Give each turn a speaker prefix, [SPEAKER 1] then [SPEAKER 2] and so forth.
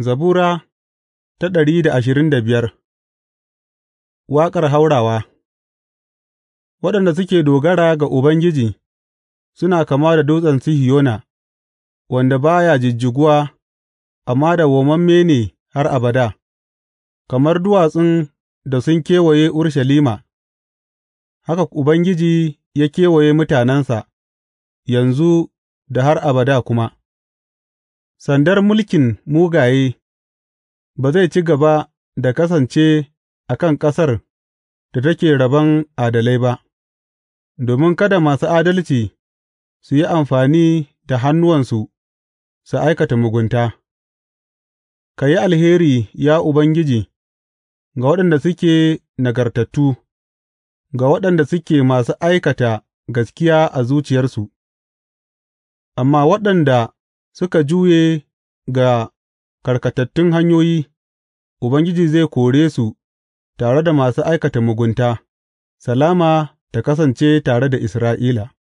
[SPEAKER 1] Zabura ta ɗari da ashirin da biyar Waƙar
[SPEAKER 2] haurawa Waɗanda suke dogara ga Ubangiji suna kama da Dutsen Sihiyona, wanda ba ya jijjiguwa, amma da womamme ne har abada, kamar duwatsun da sun kewaye Urshalima, haka Ubangiji ya kewaye mutanensa, yanzu da har abada kuma. Sandar mulkin mugaye ba zai ci gaba da kasance a kan ƙasar da take rabon adalai ba, domin kada masu adalci su yi amfani da hannuwansu su aikata mugunta, ka yi alheri, ya Ubangiji, ga waɗanda suke nagartattu, ga waɗanda suke masu aikata gaskiya a zuciyarsu, amma waɗanda suka juye ga karkatattun hanyoyi, Ubangiji zai kore su tare da masu aikata mugunta; salama ta kasance tare da Isra'ila.